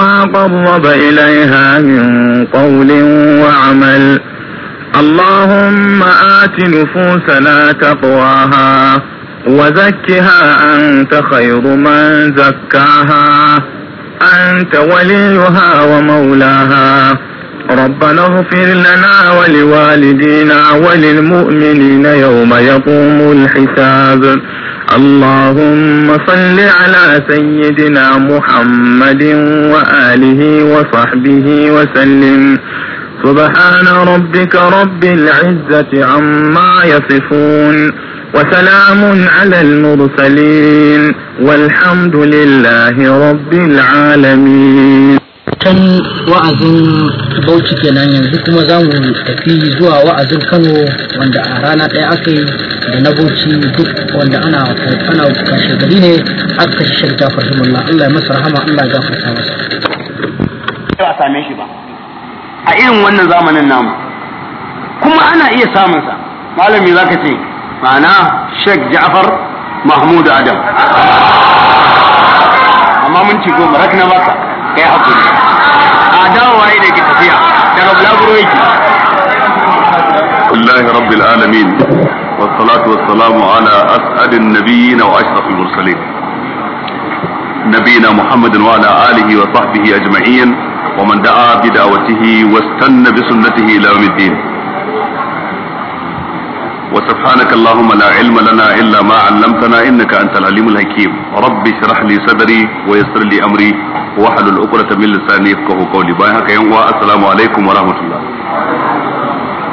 وما قرب إليها من قول وعمل اللهم آت نفوسنا تقواها وزكها أنت خير من زكاها أنت وليها ومولاها ربنا اغفر لنا ولوالدينا وللمؤمنين يوم يقوم الحساب اللهم صل على سيدنا محمد وآله وصحبه وسلم سبحان ربك رب العزة عما يصفون وسلام على المرسلين والحمد لله رب العالمين ƙarshen wa'azin bauchi kenan yanzu kuma za mu tafi zuwa wa'azin kano wanda a rana ɗaya aka yi da na bauchi duk wanda ana ana kashe gari ne aka kashe shi ta fahimullah Allah ya masa rahama Allah ya gafarta masa ba same shi ba a irin wannan zamanin namu kuma ana iya samun sa malami ka ce ma'ana Sheikh Ja'far Mahmud Adam amma mun ci goma rakna maka kai hakuri dawo waye ne ke tafiya daga bulaguro yake wallahi والصلاة والسلام على أسعد النبيين وأشرف المرسلين نبينا محمد وعلى آله وصحبه أجمعين ومن دعا بدعوته واستنى بسنته إلى يوم الدين وسبحانك اللهم لا علم لنا إلا ما علمتنا إنك أنت العليم الحكيم رب اشرح لي صدري ويسر لي أمري wahlul uqrata min lisani yafqahu qawli bayan haka yan uwa assalamu alaikum wa rahmatullah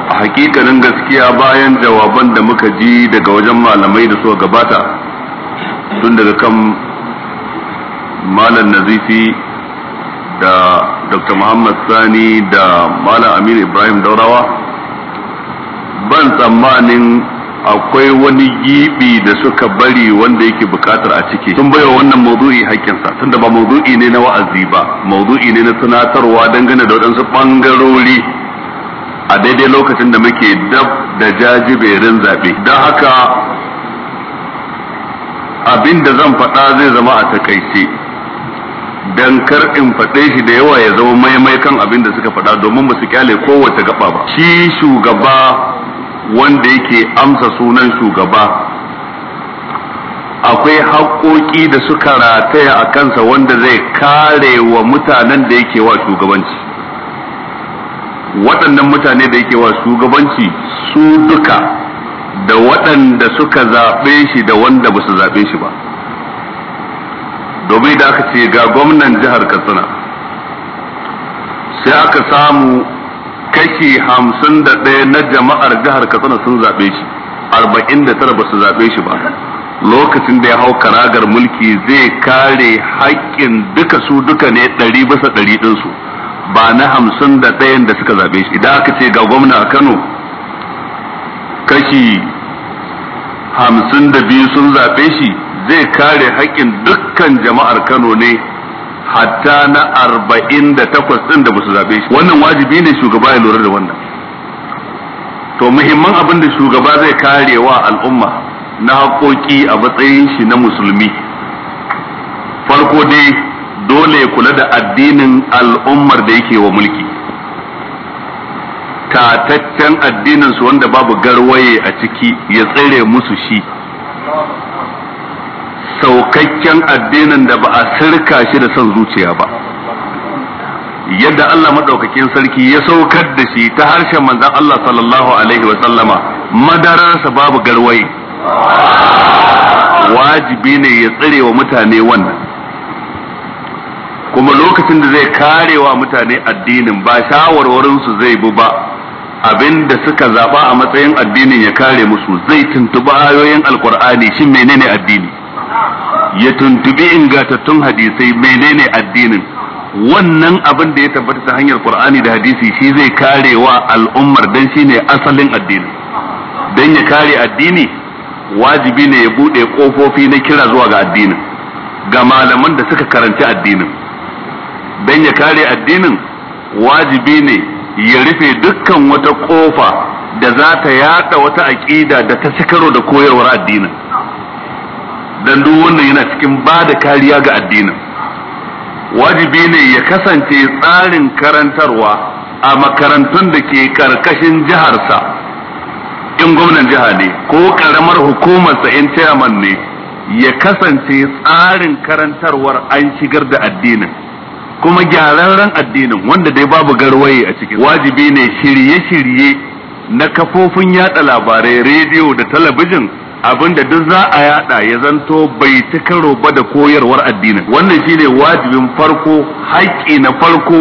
a hakikanin gaskiya bayan jawaban da muka ji daga wajen malamai da suka gabata tun daga kan malam nazifi da dr muhammad sani da malam aminu ibrahim daurawa ban tsammanin akwai wani gibi da suka bari wanda yake bukatar a ciki sun baiwa wannan maudu'i hakkinsa tunda ba maudu'i ne na wa'azi ba maudu'i ne na tunatarwa dangane da waɗansu bangarori a daidai lokacin da muke dab da jajiberin zaɓe don haka abin da zan faɗa zai zama a takaice dan kar in faɗe shi da yawa ya zama maimaikan abin da suka faɗa domin ba su kyale kowace gaba ba shi shugaba wanda yake amsa sunan shugaba akwai haƙoƙi da suka rataya a kansa wanda zai kare wa mutanen da yake wa shugabanci waɗannan mutane da yake wa shugabanci su duka da waɗanda suka zaɓe shi da wanda ba su zaɓe shi ba domin da aka ce ga gwamnan jihar katsina sai aka samu kashi hamsin da ɗaya na jama'ar jihar katsina sun zaɓe shi arba'in da tara ba su zaɓe shi ba lokacin da ya hau karagar mulki zai kare haƙƙin duka su duka ne ɗari bisa ɗari ɗinsu ba na hamsin da ɗayan da suka zaɓe shi idan aka ce ga gwamna a kano kashi hamsin da biyu sun zaɓe shi zai kare haƙƙin dukkan jama'ar kano ne hatta na arba'in da takwas ɗin da basu zaɓe shi wannan wajibi ne shugaba ya lura da wannan to muhimman abin da shugaba zai karewa al'umma na haƙoƙi a matsayin shi na musulmi farko dai dole ya kula da addinin al'ummar da yake wa mulki tataccen addinin su wanda babu garwaye a ciki ya tsare musu shi saukakken addinin da ba a sirka shi da son zuciya ba yadda Allah maɗaukakin sarki ya saukar da shi ta harshen manzon Allah sallallahu alaihi wa madararsa babu garwai wajibi ne ya tsare wa mutane wannan kuma lokacin da zai karewa mutane addinin ba shawarwarinsu zai bi ba abinda suka zaba a matsayin addinin ya kare musu zai tuntuba ayoyin alkur'ani shin menene addini ya tuntubi ingantattun hadisai menene addinin wannan abin da ya tabbata ta hanyar qur'ani da hadisi shi zai kare wa al'ummar dan shine asalin addini dan ya kare addini wajibi ne ya bude kofofi na kira zuwa ga addinin ga malaman da suka karanci addinin dan ya kare addinin wajibi ne ya rufe dukkan wata kofa da za ta yada wata aƙida da ta sikaro da koyarwar addinin dan duk wannan yana cikin ba da kariya ga addinin wajibi ne ya kasance tsarin karantarwa a makarantun da ke karkashin jiharsa in gwamnan jiha ne ko karamar hukumarsa in chairman ne ya kasance tsarin karantarwar an shigar da addinin kuma gyararren addinin wanda dai babu garwaye a ciki wajibi ne shirye-shirye na kafofin yada labarai rediyo da talabijin Abin da duk za a yada ya zanto bai ta karo ba da koyarwar addinin wannan shine wajibin farko haƙƙi na farko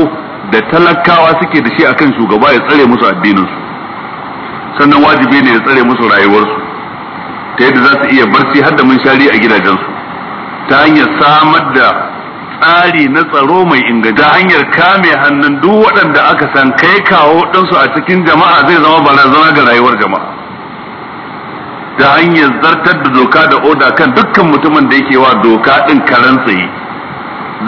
da talakawa suke da shi akan shugaba ya tsare musu addinin su sannan wajibi ne ya tsare musu rayuwarsu ta yadda za su iya barci har da mun shari a gidajensu ta hanyar samar da tsari na tsaro mai inganta hanyar kame hannun duk waɗanda aka san kai kawo ɗansu a cikin jama'a zai zama barazana ga rayuwar jama'a ta hanyar zartar da doka da oda kan dukkan mutumin da yake wa doka ɗin karan tsaye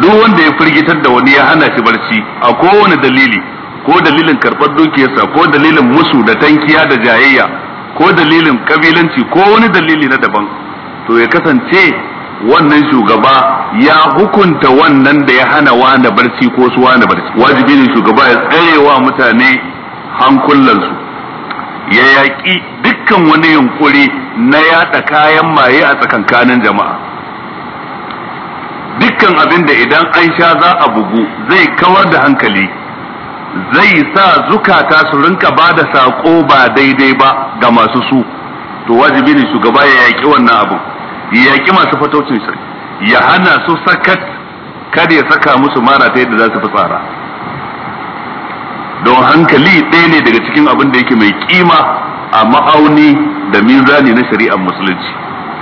duk wanda ya firgitar da wani ya hana shi barci a kowane dalili ko dalilin karɓar dukiyarsa ko dalilin musu da tankiya da jayayya ko dalilin kabilanci ko wani dalili na daban to ya kasance wannan shugaba ya hukunta wannan da ya hana wani barci ko su wani barci wajibi ne shugaba ya tsayewa mutane hankulansu ya yaƙi duk dukkan wani yunkuri na yada kayan maye a tsakankanin jama'a dukkan abin da idan an sha za a bugu zai kawar da hankali zai sa zukata su rinka ba da saƙo ba daidai ba ga masu su to wajibi ne shugaba ya yaƙi wannan abin ya yaƙi masu fatocin shi ya hana su sakat kada ya saka musu mara ta yadda za su fi tsara don hankali ɗaya ne daga cikin abin da yake mai kima a ma'auni da mizani na shari'ar musulunci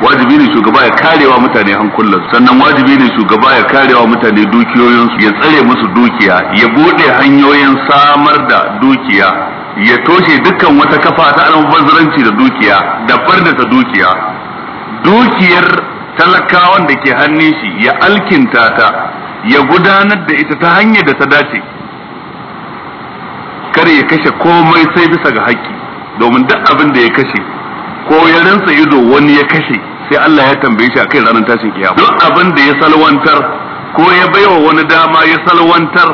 wajibi ne shugaba ya karewa mutane hankulan sannan wajibi ne shugaba ya karewa mutane dukiyoyinsu ya tsare musu dukiya ya bude hanyoyin samar da dukiya ya toshe dukkan wata kafa ta almubazzaranci da dukiya da farda ta dukiya dukiyar talakawan da ke hannun shi ya alkinta ta ya gudanar da ita ta hanyar da ta dace kare ya kashe komai sai bisa ga haƙƙi domin duk abin da ya kashe ko ya rinsa ido wani ya kashe sai Allah ya tambaye shi akai ranar tashin kiyama duk abin da ya salwantar ko ya baiwa wani dama ya salwantar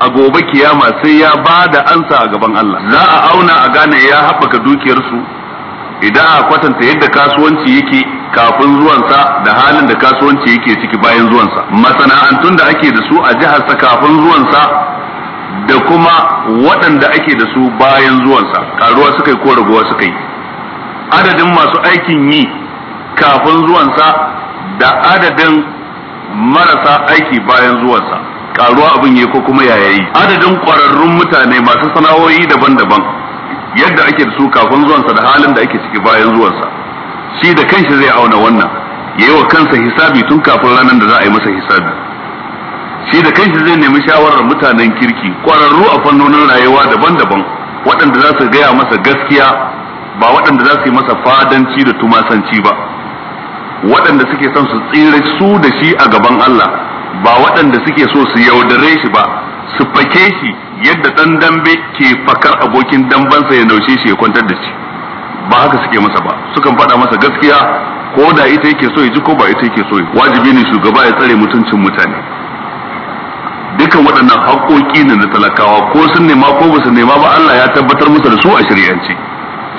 a gobe kiyama sai ya ba da ansa a gaban Allah za a auna a gane ya haɓaka dukiyarsu idan a kwatanta yadda kasuwanci yake kafin zuwansa da halin da kasuwanci yake ciki bayan zuwansa masana'antun da ake da su a jihar sa kafin zuwansa da kuma waɗanda ake da su bayan zuwansa karuwa suka yi ko raguwa suka yi adadin masu aikin yi kafin zuwansa da adadin marasa aiki bayan zuwansa karuwa abin yi ko kuma yaya yi? adadin ƙwararrun mutane masu sana'o'i daban-daban yadda ake da su kafin zuwansa da halin da ake ciki bayan zuwansa shi da kanshi zai auna wannan yayi wa kansa hisabi tun kafin ranar da za a yi masa hisabi shi da kai kanshi zai nemi shawarar mutanen kirki kwararru a fannonin rayuwa daban-daban waɗanda za su gaya masa gaskiya ba waɗanda za su yi masa fadanci da tumasanci ba waɗanda suke son su tsira su da shi a gaban Allah ba waɗanda suke so su yaudare shi ba su fake shi yadda ɗan dambe ke fakar abokin dambansa ya naushe shi ya kwantar da shi ba haka suke masa ba sukan faɗa masa gaskiya ko da ita yake so ya ji ko ba ita yake so ya wajibi ne shugaba ya tsare mutuncin mutane dukan waɗannan haƙoƙi ne na talakawa ko sun nema ko ba su nema ba Allah ya tabbatar musu da su a shari'ance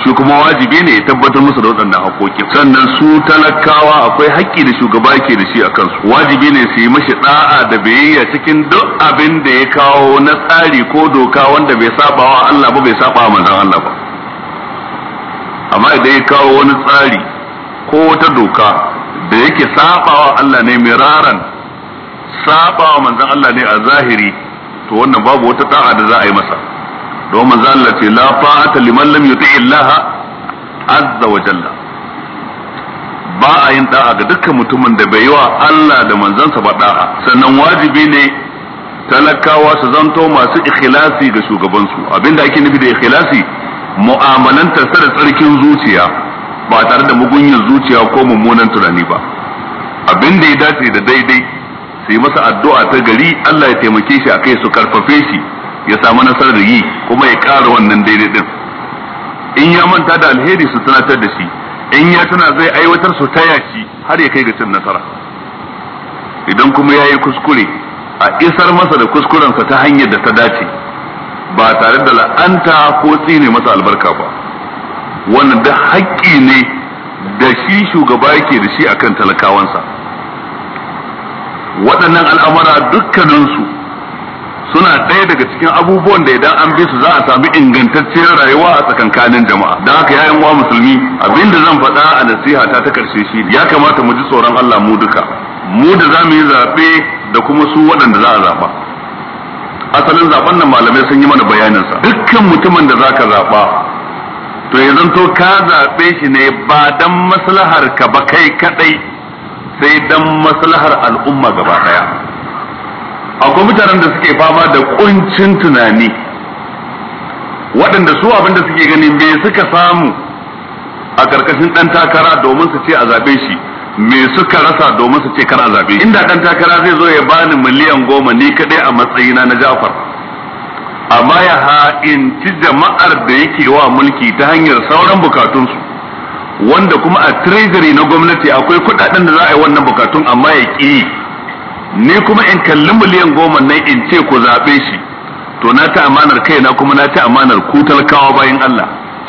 shi kuma wajibi ne ya tabbatar musu da waɗannan haƙoƙi sannan su talakawa akwai haƙƙi da shugaba ke da shi a kansu wajibi ne su yi mashi da'a da biyayya cikin duk abin da ya kawo na tsari ko doka wanda bai saba wa Allah ba bai saba wa manzon Allah ba amma idan ya kawo wani tsari ko wata doka da yake saba Allah ne miraran saba wa manzan Allah ne a zahiri to wannan babu wata ta'a da za a yi masa don manzan Allah ce la fa'ata liman lam yuti Allah azza wa jalla ba a yin da'a ga dukkan mutumin da bai yi wa Allah da manzansa ba da'a sannan wajibi ne talakawa su zanto masu ikhlasi ga shugabansu abinda ake nufi da ikhlasi mu'amalantar sa da tsarkin zuciya ba tare da mugunyar zuciya ko mummunan tunani ba abinda ya dace da daidai su yi masa addu'a ta gari Allah ya taimake shi akai su karfafe shi ya samu nasarar yi kuma ya ƙara wannan daidai din in ya manta da alheri su tunatar da shi in ya tana zai aiwatar su taya shi har ya kai ga cin nasara idan kuma ya yi kuskure a isar masa da kuskurensa ta hanyar da ta dace ba tare da la'anta ko tsine masa albarka ba wannan da haƙƙi ne da shi shugaba yake da shi akan talakawansa waɗannan al'amura dukkaninsu suna ɗaya daga cikin abubuwan da idan an bi su za a sami ingantacciyar rayuwa a tsakankanin jama'a don haka yayin wa musulmi abinda zan faɗa a nasiha ta ta karshe shi ya kamata mu ji tsoron Allah mu duka mu da za mu yi zaɓe da kuma su waɗanda za a zaɓa asalin zaɓen nan malamai sun yi mana bayanin sa. dukkan mutumin da zaka zaɓa to ya zanto ka zaɓe shi ne ba dan maslahar ka ba kai kadai sai dan maslahar al'umma gaba daya akwai mutanen da suke fama da kuncin tunani waɗanda su abinda suke ganin bai suka samu a ƙarƙashin ɗan takara domin su ce a zaɓe shi me suka rasa domin su ce kar a zaɓe inda ɗan takara zai zo ya bani miliyan goma ni kaɗai a matsayina na jafar amma ya ha'inci jama'ar da yake wa mulki ta hanyar sauran bukatunsu wanda kuma a treasury na gwamnati akwai kudaden da za a yi wannan bukatun amma ya ki ni kuma in kalli miliyan goma nan in ce ku zaɓe shi to na ta amanar kai na kuma na ta amanar ku talakawa bayan Allah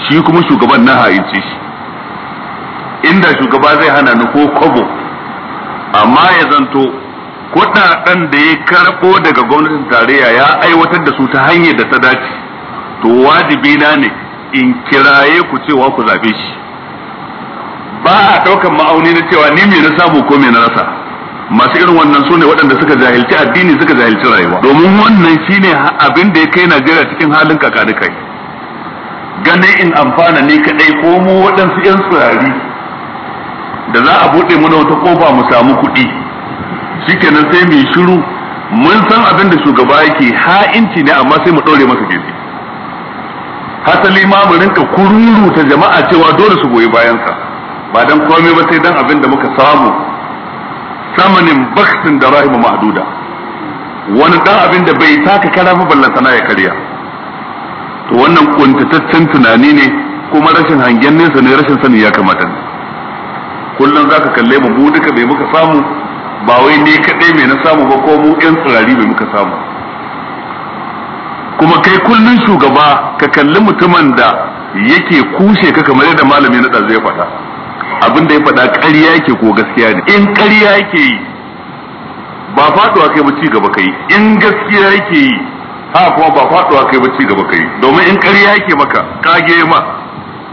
shi kuma shugaban na haice shi inda shugaba zai hana ni ko kobo, amma ya zanto kudaden da ya karɓo daga gwamnatin tarayya ya aiwatar da su ta hanyar da ta dace to wajibi na ne in kiraye ku cewa ku zaɓe shi ba a daukan ma'auni na cewa ni me na samu ko me na rasa masu irin wannan sune waɗanda suka jahilci addini suka jahilci rayuwa domin wannan shine abin da ya kai Najeriya cikin halin da kai ganin in amfana ne kaɗai ko mu waɗansu yan tsirari da za a buɗe mana wata kofa mu samu kuɗi shikenan sai mu shiru mun san abin da shugaba yake ha'inci ne amma sai mu ɗaure masa gefe hasali ma mu rinka kururuta jama'a cewa dole su goyi bayansa ba dan komai ba sai dan abin da muka samu samanin baksin da rahimu mahduda wani dan abin da bai taka kara ba ballan sana ya karya to wannan kuntataccen tunani ne kuma rashin hangen nesa ne rashin sani ya kamata ne kullum zaka kalle mu mu duka bai muka samu ba wai ne kadai mai na samu ba ko mu yan tsirari bai muka samu kuma kai kullun shugaba ka kalli mutumin da yake kushe ka kamar yadda malami na ya faɗa abin da ya faɗa ƙarya yake ko gaskiya ne in ƙarya yake yi ba faɗuwa kai ba ci gaba kai in gaskiya yake yi ha kuma ba faɗuwa kai ba ci gaba kai domin in ƙarya yake maka kage ma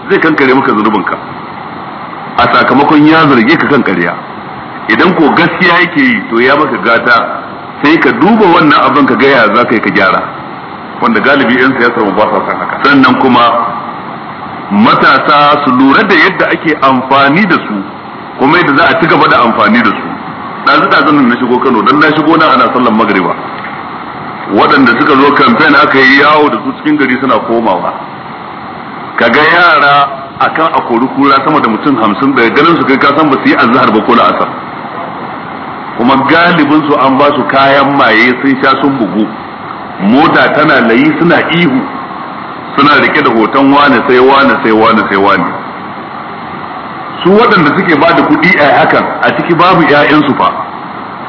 zai kankare maka ka. a sakamakon ya zarge ka kan ƙarya idan ko gaskiya yake yi to ya maka gata sai ka duba wannan abin ka gaya za ka yi ka gyara wanda galibi 'yan siyasar mu ba sa haka sannan kuma matasa su lura da yadda ake amfani da su kuma yadda za a ci gaba da amfani da su ɗazu nan na shigo Kano dan na shigo nan ana sallan magriba waɗanda suka zo kamfen aka yi yawo da su cikin gari suna komawa kaga yara akan a kori kura sama da mutum hamsin daga ganin su kai kasan ba su yi azhar ba ko la'asar kuma galibin su an ba su kayan maye sun sha sun bugu mota tana layi suna ihu suna rike da hoton wane sai wane sai wane sai wane su waɗanda suke ba da kuɗi a hakan a ciki babu ƴaƴansu fa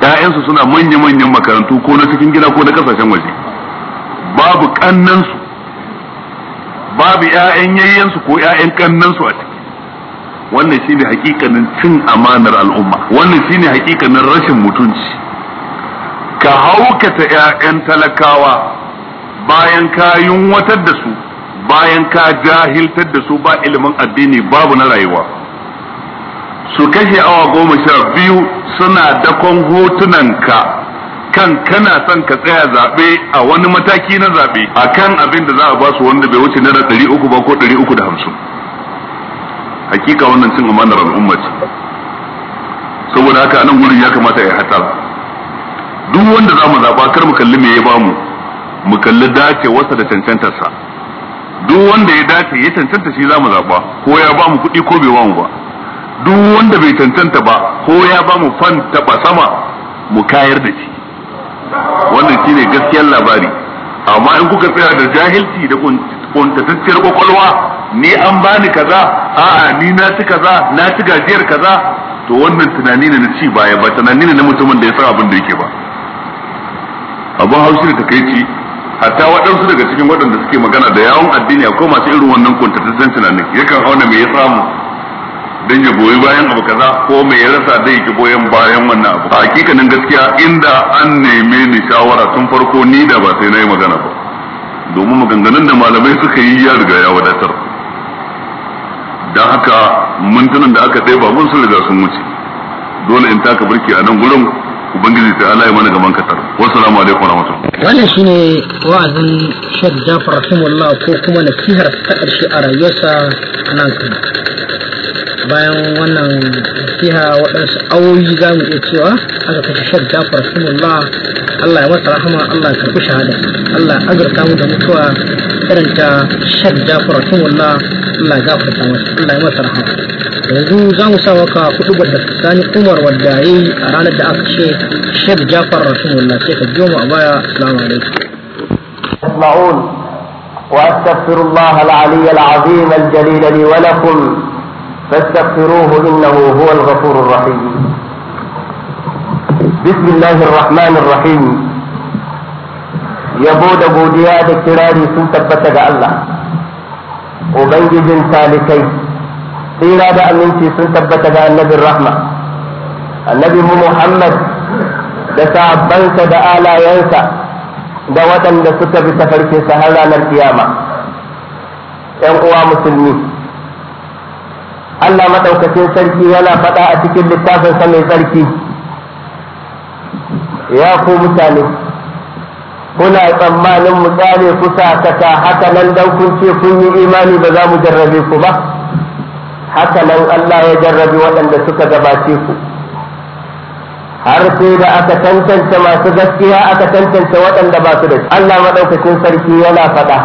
ƴaƴansu suna manya-manyan makarantu ko na cikin gida ko na kasashen waje babu ƙannansu babu ƴaƴan yayyansu ko ƴaƴan ƙannansu a ciki wannan shine hakikanin cin amanar al'umma wannan shine hakikanin rashin mutunci ka haukata ƴaƴan talakawa bayan ka yunwatar da su bayan ka jahiltar da su ba ilimin addini babu na rayuwa su kashe awa goma sha biyu suna dakon hotunanka kan kana son ka tsaya zaɓe a wani mataki na zaɓe a kan abin da za a basu wanda bai wuce naira ɗari uku ba ko ɗari uku da hamsin hakika wannan cin amanar al'umma ce saboda haka anan wurin ya kamata ya hatar duk wanda za mu zaɓa kar mu kalli me ya bamu mu kalli dace wasa da cancantarsa duk wanda ya dace ya cancanta shi zamu zaba ko ya ba mu kuɗi ko bai ba mu ba duk wanda bai cancanta ba ko ya ba mu fan taba sama mu kayar da shi wannan shine gaskiyar labari amma in kuka tsaya da jahilci da kuntatacciyar kwakwalwa ni an bani kaza a'a ni na ci kaza na ci gajiyar kaza to wannan tunani ne na ci baya ba tunani ne na mutumin da ya san abin da yake ba abin haushi da takaici hatta waɗansu daga cikin waɗanda suke magana da yawon addini a koma su irin wannan kuntatattun tunanin yakan auna mai ya samu dan ya goyi bayan abu kaza ko mai ya rasa da ya goyon bayan wannan abu a hakikanin gaskiya inda an neme ni shawara tun farko ni da ba sai na yi magana ba domin maganganun da malamai suka yi ya riga ya wadatar Da haka mintunan da aka ɗaya ba mun sun riga sun wuce dole in taka birki a nan gurin ubangiji ta Allah ya mana gaban kasar wassalamu alaikum wa rahmatullahi wannan shine wa'azin Sheikh Jafar rahimullah ko kuma nasihar ta karshe a rayuwarsa nan kan bayan wannan nasiha waɗansu awoyi za mu iya cewa aka kashe Sheikh Jafar rahimullah Allah ya masa rahama Allah ya karɓi shahada Allah ya azurta mu da mutuwa irin ta Sheikh Jafar rahimullah Allah ya gafarta masa Allah ya masa rahama زو غاموسا وقا كتب الثاني عمر والداعي أرانا دعاك الشيخ الشيخ جعفر رحمه الله شيخ الجمعة بايا السلام عليكم تسمعون وأستغفر الله العلي العظيم الجليل لي ولكم فاستغفروه إنه هو الغفور الرحيم بسم الله الرحمن الرحيم yabo da godiya da kirari sun tabbata ga Allah tsira da aminci sun tabbata ga annabin rahma annabi muhammad da sahabbansa da alayensa da waɗanda suka bi tafarkin sa har ranar kiyama ‘yan uwa musulmi Allah maɗaukacin sarki yana faɗa a cikin littafinsa mai sarki ya ku mutane kuna tsammanin mu tsare kusa sakata haka nan dan kun ce kun yi imani ba za mu jarrabe ku ba haka nan Allah ya jarrabi waɗanda suka gabace ku har sai da aka tantance masu gaskiya aka tantance waɗanda ba su da Allah maɗaukacin sarki yana faɗa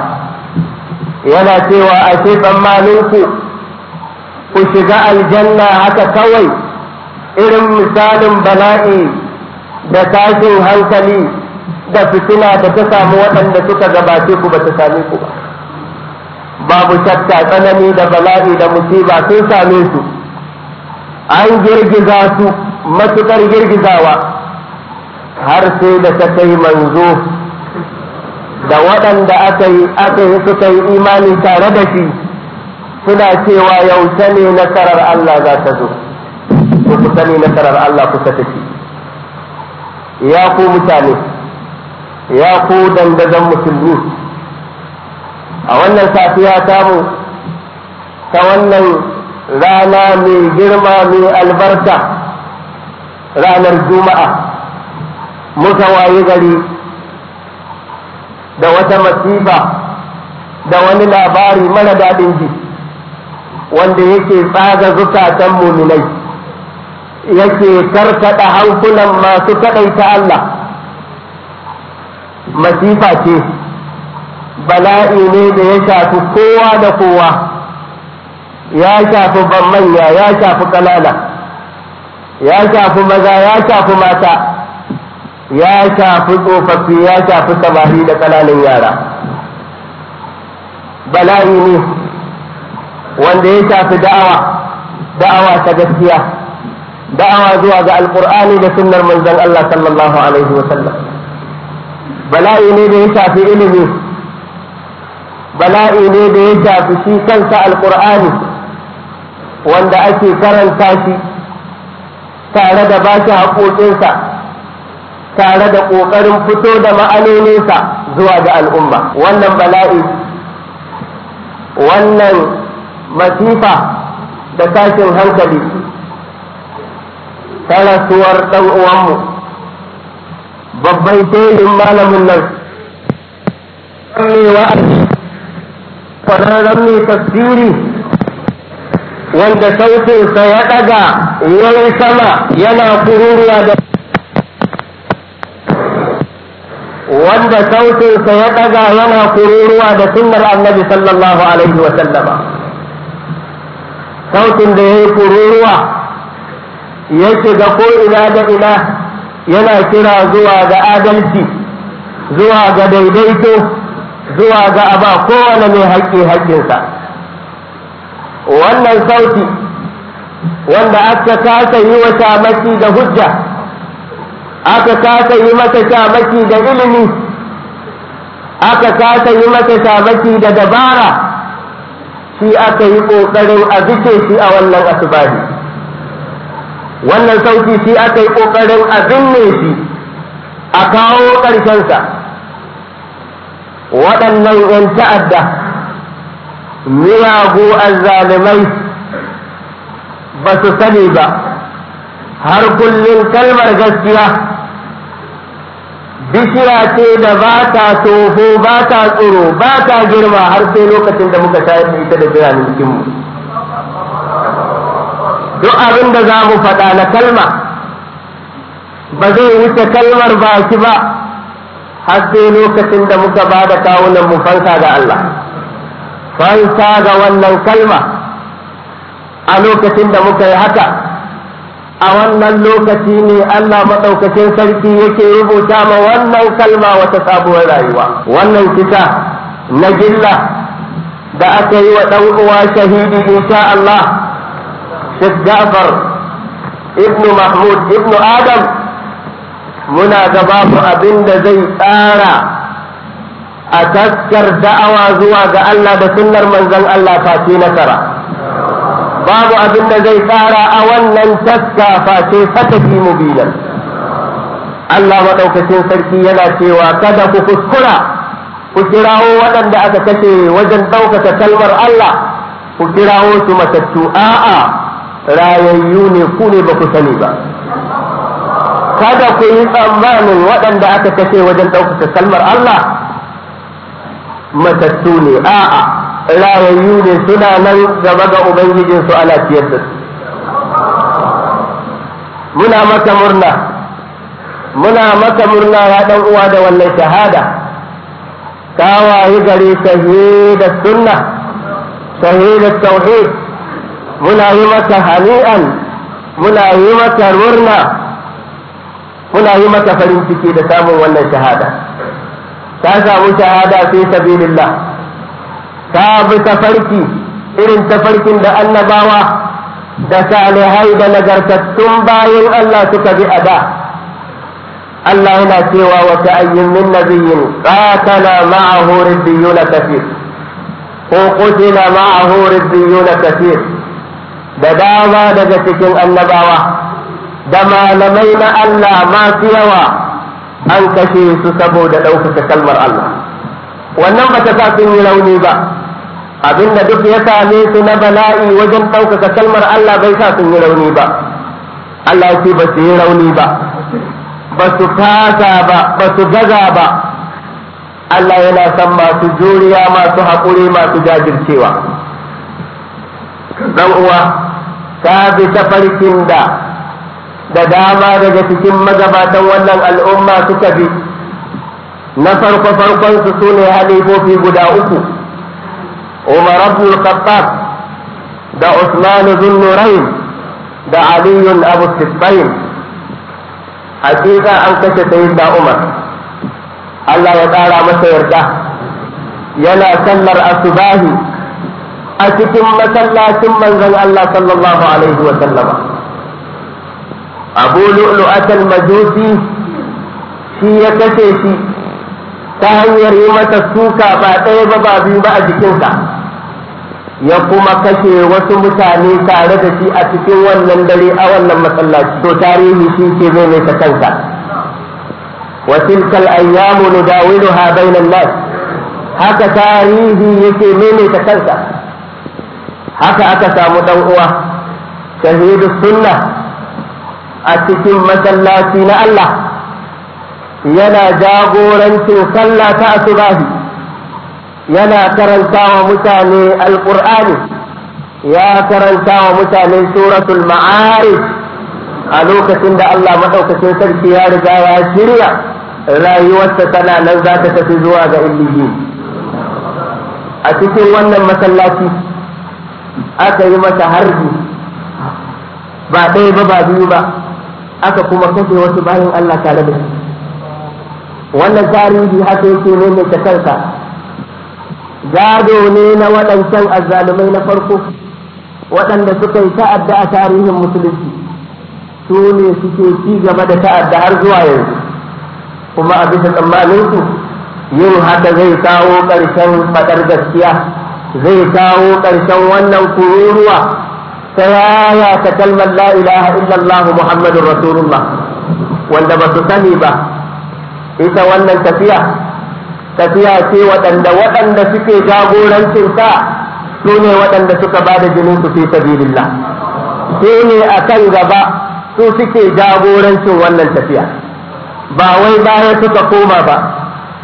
yana cewa a ce tsammaninku ku shiga aljanna haka kawai irin misalin bala'i da tashin hankali da fitina da ta samu waɗanda suka gabace ku ba ta same ku ba babu shakka tsanani da bala'i da musiba sun same su an girgiza su matukar girgizawa har sai da ta kai manzo da waɗanda aka yi aka yi suka yi imani tare da shi suna cewa yaushe ne nasarar Allah za ta zo ko kusa ne nasarar Allah kusa ta ce ya ku mutane ya ku dandazon musulmi a wannan safiya mu ta wannan rana mai girma mai albarka ranar juma'a muka waye gari da wata masifa da wani labari mara daɗin ji wanda yake tsaga zukatan muminai yake karkada hankulan masu kaɗaita Allah masifa ce bala'i ne da ya shafi kowa da kowa ya shafi manya ya shafi kalala ya shafi maza ya shafi mata ya shafi tsofaffi ya shafi samari da kananan yara bala'i ne wanda ya shafi da'awa da'awa ta gaskiya da'awa zuwa ga alkur'ani da sunnar manzon Allah sallallahu alaihi wasallam bala'i ne da ya shafi ilimi bala'i ne da ya shafi shi kansa alkur'ani wanda ake karanta shi tare da shi haƙoƙinsa tare da ƙoƙarin fito da ma'anoninsa zuwa ga al'umma wannan bala'i wannan masifa da tashin hankali ta rasuwar ɗan uwanmu babban teyin malamin nan kwararren mai tafsiri wanda sautinsa ya ɗaga yayi sama yana kururuwa da wanda sautinsa ya ɗaga yana kururuwa da sunnar annabi sallallahu alaihi wa sallama sautin da ya yi kururuwa ya shiga ko ina da ina yana kira zuwa ga adalci zuwa ga daidaito zuwa ga aba kowane mai haƙƙi haƙƙinsa wannan sauti wanda aka kasa yi wa shamaki da hujja aka kasa yi mata shamaki da ilimi aka kasa yi mata shamaki da dabara shi aka yi ƙoƙarin a bice shi a wannan asibari wannan sauti shi aka yi ƙoƙarin a binne shi a kawo ƙarshensa waɗannan 'yan ta'adda miyagu azzalimai ba su sani ba har kullum kalmar gaskiya bishiya ce da ba ta toho ba ta tsoro ba ta girma har sai lokacin da muka shayar da ita da biranen cikinmu duk abin da za mu faɗa na kalma ba zai wuce kalmar baki ba har sai lokacin da muka ba da kawunan mu fansa ga Allah fansa ga wannan kalma a lokacin da muka yi haka a wannan lokaci ne Allah maɗaukacin sarki yake rubuta ma wannan kalma wata sabuwar rayuwa wannan kisa na gilla da aka yi wa ɗan uwa shahidi insha Allah Sheikh Ja'far ibnu Mahmud ibnu Adam muna ga babu abin da zai tsara a taskar da'awa zuwa ga Allah da sunnar manzon Allah face nasara babu abin da zai tsara a wannan taska face fatafi mubinan Allah maɗaukacin sarki yana cewa kada ku kuskura ku kirawo waɗanda aka kashe wajen ɗaukaka kalmar Allah ku kirawo su matattu a'a rayayyu ne ku ne ba ku sani ba kada ku yi tsammanin waɗanda aka kashe wajen ɗaukaka kalmar Allah matattu ne a'a rayayyu ne suna nan gaba ga ubangijinsu ana da su muna maka murna muna maka murna ya ɗan uwa da wannan shahada ka wayi gare shahida sunna shahida tauhid muna yi maka hani'an muna yi maka murna muna yi mata farin ciki da samun wannan shahada Ta samu shahada fi sabilillah Ta bi tafarki irin tafarkin da annabawa da salihai da nagartattun bayan Allah suka bi a da Allah yana cewa wa ta'ayyin min nabiyyin qatala ma'ahu ribbiyuna kathir ko qutila ma'ahu ribbiyuna kathir da dama daga cikin annabawa da malamai na Allah masu yawa an kashe su saboda ɗaukaka kalmar Allah wannan ba ta sa sun yi rauni ba abinda duk ya same su na bala'i wajen ɗaukaka kalmar Allah bai sa sun yi rauni ba Allah ya ce ba su yi rauni ba ba su kasa ba ba su gaza ba Allah yana son masu juriya masu haƙuri masu jajircewa dan uwa ka bi tafarkin da da dama daga cikin magabatan wannan al'umma suka bi na farko farkon su sune halifofi guda uku umar ibn khattab da usman ibn nurayn da Aliyu abu sibbain hakika an kashe sayyidina umar Allah ya tsara masa yarda yana sallar asubahi a cikin masallacin manzon Allah sallallahu alaihi wa sallama abu lu'lu'atal majusi shi ya kashe shi ta hanyar yi mata suka ba ɗaya ba ba biyu ba a jikinsa ya kuma kashe wasu mutane tare da shi a cikin wannan dare a wannan masallaci to tarihi shi ke zai mai kanka wa tilkal ayyamu nudawiluha bainan nas haka tarihi yake maimaita kansa haka aka samu dan uwa shahidu sunna a cikin masallaci na Allah yana jagorancin sallah ta asubahi yana karanta wa mutane alƙur'ani ya karanta wa mutane suratul Ma'ari. a lokacin da Allah maɗaukacin sarki ya riga ya shirya rayuwarsa tana nan za ta tafi zuwa ga illihi a cikin wannan masallaci aka yi masa harbi ba ɗaya ba ba biyu ba aka kuma kashe wasu bayan Allah tare da shi wannan tarihi haka yake ne ta kansa gado ne na waɗancan azzalumai na farko waɗanda suka yi ta'adda a tarihin musulunci su ne suke ci gaba da ta'adda har zuwa yanzu kuma a bisa tsammaninku yin haka zai kawo ƙarshen faɗar gaskiya zai kawo ƙarshen wannan kururuwa ta yaya ta kalmar la ilaha illallah muhammadun rasulullah wanda ba su sani ba ita wannan tafiya tafiya ce waɗanda waɗanda suke jagorancin ta su ne waɗanda suka ba da jinin su fi sabilillah su ne a kan gaba su suke jagorancin wannan tafiya ba wai baya suka koma ba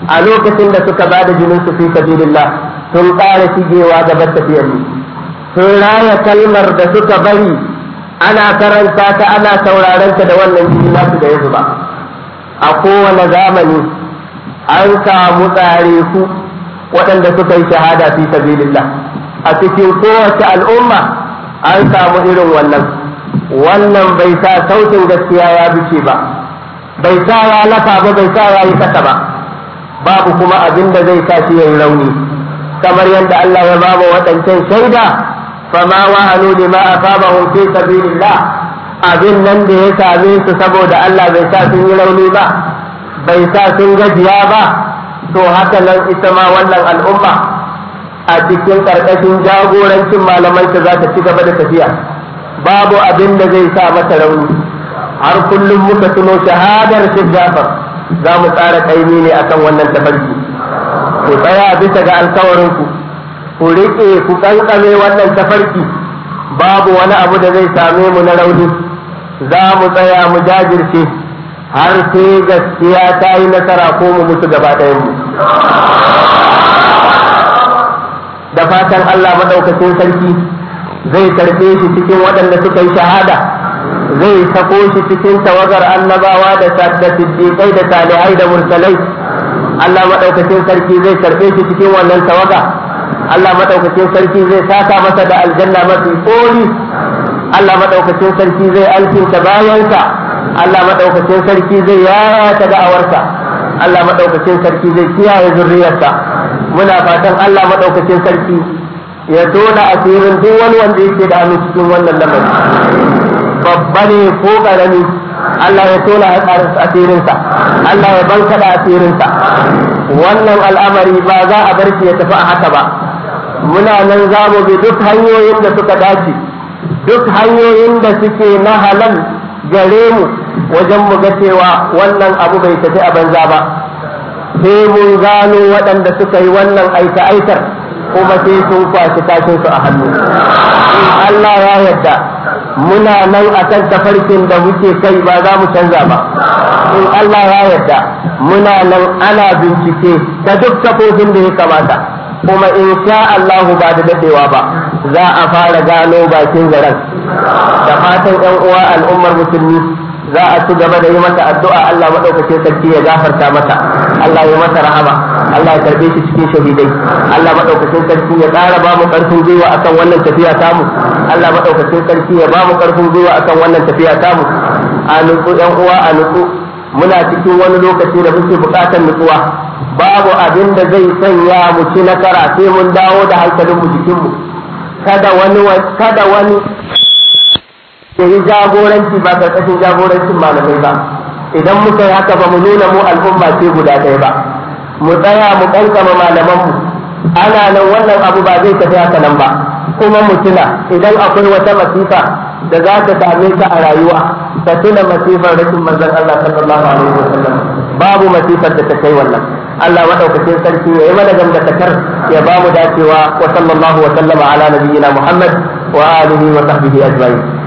a lokacin da suka ba da jinin su fi sabilillah sun ƙara shigewa gaban tafiyar ne sun kalmar da suka bari ana karanta ta ana sauraron ta da wannan jini nasu da ya zuba a kowane zamani an samu tsare ku waɗanda suka yi shahada fi sabilillah a cikin kowace al'umma an samu irin wannan wannan bai sa sautin gaskiya ya bice ba bai sa ya lafa ba bai sa ya yi kasa ba babu kuma abin da zai sa shi yayi rauni kamar yadda Allah ya ba waɗancan shaida fama wahanu lima asabahum fi sabilillah abin nan da ya same su saboda Allah bai sa sun yi rauni ba bai sa sun gajiya ba to haka nan ita ma wannan al'umma a cikin karkashin jagorancin malaman ta za ta ci gaba da tafiya babu abin da zai sa mata rauni har kullum muka tuno shahadar shi Jafar za mu tsara kaimi ne akan wannan tafarki ku tsaya bisa ga ku. ku riƙe ku ƙanƙame wannan tafarki babu wani abu da zai same mu na rauni za mu tsaya mu jajirce har sai gaskiya ta yi nasara ko mu mutu gaba mu da fatan Allah maɗaukacin sarki zai karɓe shi cikin waɗanda suka yi shahada zai sako shi cikin tawagar annabawa da siddiƙai da salihai da mursalai Allah maɗaukacin sarki zai karɓe shi cikin wannan tawaga Allah maɗaukacin sarki zai saka masa da aljanna mafi tsori Allah maɗaukacin sarki zai alfinta bayansa Allah maɗaukacin sarki zai yayata da'awarsa Allah maɗaukacin sarki zai kiyaye zurriyarsa muna fatan Allah maɗaukacin sarki ya tona asirin duk wani wanda yake da hannu cikin wannan lamari babba ne ko karami Allah ya tona asirinsa Allah ya bankada asirinsa wannan al'amari ba za a bar shi ya tafi a haka ba muna nan za mu bi duk hanyoyin da suka dace duk hanyoyin da suke na halal gare mu wajen mu ga cewa wannan abu bai tafi a banza ba sai mun gano waɗanda suka yi wannan aika aikar kuma sai sun kwashi kashin su a hannu Allah ya yarda muna nan a kan tafarkin da muke kai ba za mu canza ba in Allah ya yarda muna nan ana bincike ta duk kafofin da ya kamata kuma in sha Allahu ba da dadewa ba za a fara gano bakin garan da fatan yan uwa al'ummar musulmi za a ci gaba da yi masa addu'a Allah madaukake sarki ya gafarta masa Allah ya masa rahama Allah ya karbe shi cikin shahidai Allah madaukake sarki ya ƙara ba mu ƙarfin gwiwa akan wannan tafiya tamu Allah madaukake sarki ya ba mu ƙarfin gwiwa akan wannan tafiya tamu a nutsu yan uwa a nutsu muna cikin wani lokaci da muke buƙatar nutsuwa babu abin da zai sanya mu ci nasara sai mun dawo da hankalinmu mu kada wani kada wani ya yi jagoranci ba karkashin jagorancin malamai ba idan muka yi haka ba mu nuna mu al'umma ce guda ɗaya ba mu tsaya mu kankama malamanmu ana nan wannan abu ba zai tafi haka nan ba kuma mutuna idan akwai wata masifa da za ta same ta a rayuwa ka tuna masifar rashin manzon Allah sallallahu alaihi wasallam babu masifar da ta kai wannan Allah madaukakin sarki ya yi mana gamdakatar ya ba mu dacewa wa sallallahu wa sallama ala nabiyyina Muhammad wa alihi wa sahbihi ajma'in